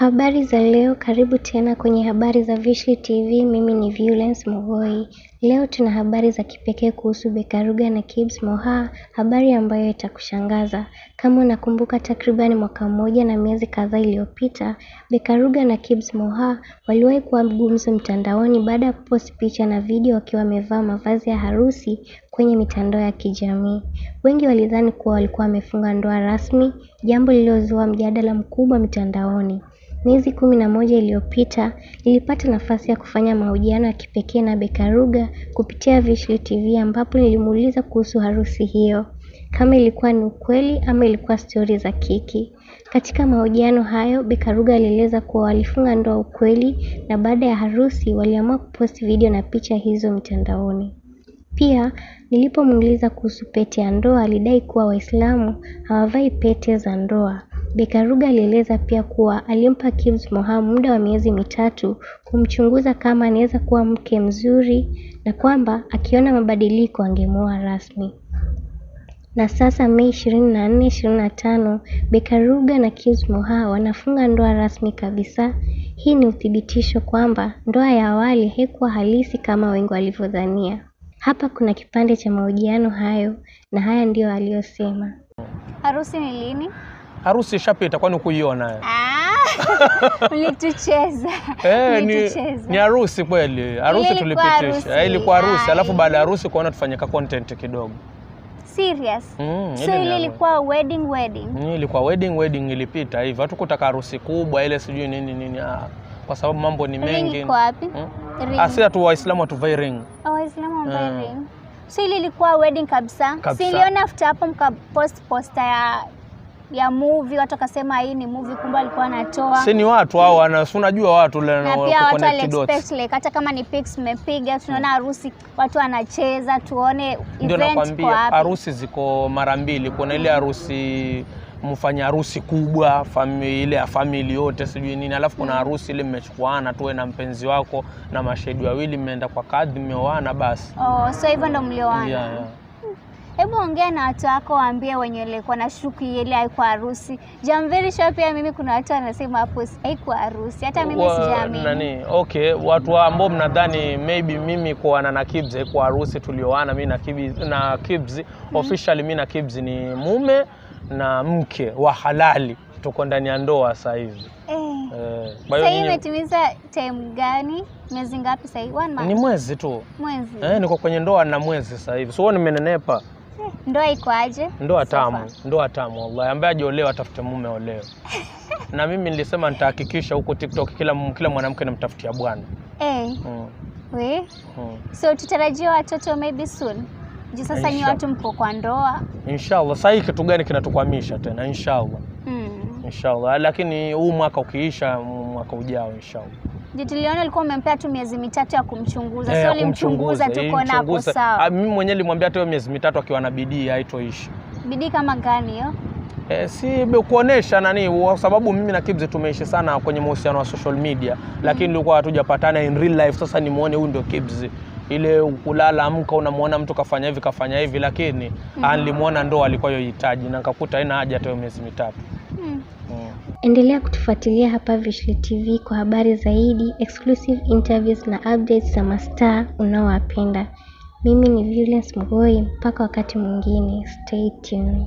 Habari za leo, karibu tena kwenye habari za Veushly TV. Mimi ni Violence Mogoi. Leo tuna habari za kipekee kuhusu Bekaruga na Kibs Moha, habari ambayo itakushangaza. Kama unakumbuka, takriban mwaka mmoja na miezi kadhaa iliyopita, Bekaruga na Kibs Moha waliwahi kuwa gumzo mtandaoni baada ya kupost picha na video wakiwa wamevaa mavazi ya harusi kwenye mitandao ya kijamii. Wengi walidhani kuwa walikuwa wamefunga ndoa rasmi, jambo lililozua mjadala mkubwa mitandaoni. Miezi kumi na moja iliyopita, nilipata nafasi ya kufanya mahojiano ya kipekee na Beka Ruga kupitia Veushly TV ambapo nilimuuliza kuhusu harusi hiyo. Kama ilikuwa ni ukweli ama ilikuwa stori za kiki. Katika mahojiano hayo, Beka Ruga alieleza kuwa walifunga ndoa ukweli na baada ya harusi waliamua kuposti video na picha hizo mitandaoni. Pia, nilipomuuliza kuhusu pete ya ndoa alidai kuwa Waislamu hawavai pete za ndoa. Bekaruga alieleza pia kuwa alimpa Kibz Moha muda wa miezi mitatu kumchunguza kama anaweza kuwa mke mzuri na kwamba akiona mabadiliko angemuoa rasmi. Na sasa Mei 24, 25 Bekaruga na Kibz Moha wanafunga ndoa rasmi kabisa. Hii ni uthibitisho kwamba ndoa ya awali haikuwa halisi kama wengi walivyodhania. Hapa kuna kipande cha mahojiano hayo na haya ndiyo aliyosema. Harusi ni lini? harusi ishapita, kwani kuiona? Mlitucheza. Ah! Eh, ni ni harusi kweli, harusi tulipitisha, eh, ilikuwa harusi, ah, alafu baada ya harusi kuona tufanyika content kidogo Serious. Mm, so ile ilikuwa wedding wedding. Ni mm, ilikuwa wedding wedding ilipita hivyo. Hatukutaka harusi kubwa ile sijui nini nini ah. Kwa sababu mambo ni mengi. Ring iko wapi? Hmm? Asi ah, tu Waislamu hatuvai ring. Oh, Waislamu hawavai mm. ring. So ile ilikuwa wedding kabisa. Kabisa. Si niliona after hapo mka post poster ya ya movie, watu wakasema hii ni movie, kumbe alikuwa anatoa. Si ni watu hao, unajua watu na pia watu wale expect like, hata kama ni pics mmepiga, tunaona harusi watu wanacheza, tuone event kwa wapi. Harusi ziko mara mbili, kuna ile harusi mfanya harusi kubwa ile ya famili yote sijui nini, alafu kuna mm. harusi ile mmechukuana tuwe na mpenzi wako na mashahidi wawili, mmeenda kwa kadhi, mmeoana basi. Oh, so hivyo ndo mlioana? yeah, yeah. Hebu ongea na watu wako, waambie wenye walikuwa na shuki ile haikuwa harusi. Jamveri sure, pia mimi kuna watu wanasema hapo haikuwa harusi, hata mimi sijaamini. Nani? Okay, watu ambao mnadhani maybe mimi kuoana na Kibz haikuwa harusi, tulioana mimi na Kibz na Kibz mm -hmm. Officially mimi na Kibz ni mume na mke wa halali, tuko ndani ya ndoa sasa hivi eh. Eh, sasa imetimiza time gani? Miezi ngapi sasa hivi? Ni mwezi tu mwezi. Eh, niko kwenye ndoa na mwezi sasa hivi, sio nimenenepa. Ndoa iko aje? Ndoa tamu, ndoa tamu wallahi. Ambaye ajaolewa atafute mume oleo. na mimi nilisema nitahakikisha huko TikTok kila kila mwanamke namtafutia bwana. Eh. Hey. Mm. We? Mm. So tutarajia watoto maybe soon. Je, sasa ni watu mko kwa ndoa? Inshallah. Sasa hii kitu gani kinatukwamisha tena? Inshallah. Mm. Inshallah. Lakini huu mwaka ukiisha, mwaka ujao inshallah. Jitiliano alikuwa umempea tu miezi mitatu ya kumchunguza, sio ulimchunguza eh, tu kuona eh, hapo sawa. Ah, mimi mwenyewe nilimwambia tu miezi mitatu akiwa na bidii haitoishi. Bidii kama gani hiyo? Eh, si kuonesha nani, kwa sababu mimi na Kibz tumeishi sana kwenye mahusiano wa social media, lakini nilikuwa mm, hatujapatana in real life. Sasa nimuone huyu ndio Kibz, ile kulala amka unamwona mtu kafanya hivi kafanya hivi, lakini mm, ah, nilimwona ndo alikuwa yohitaji na nikakuta ina haja hata miezi mitatu. Endelea kutufuatilia hapa Veushly TV kwa habari zaidi, exclusive interviews na updates za mastaa unaowapenda. Mimi ni Violence Mgoi, mpaka wakati mwingine, stay tuned.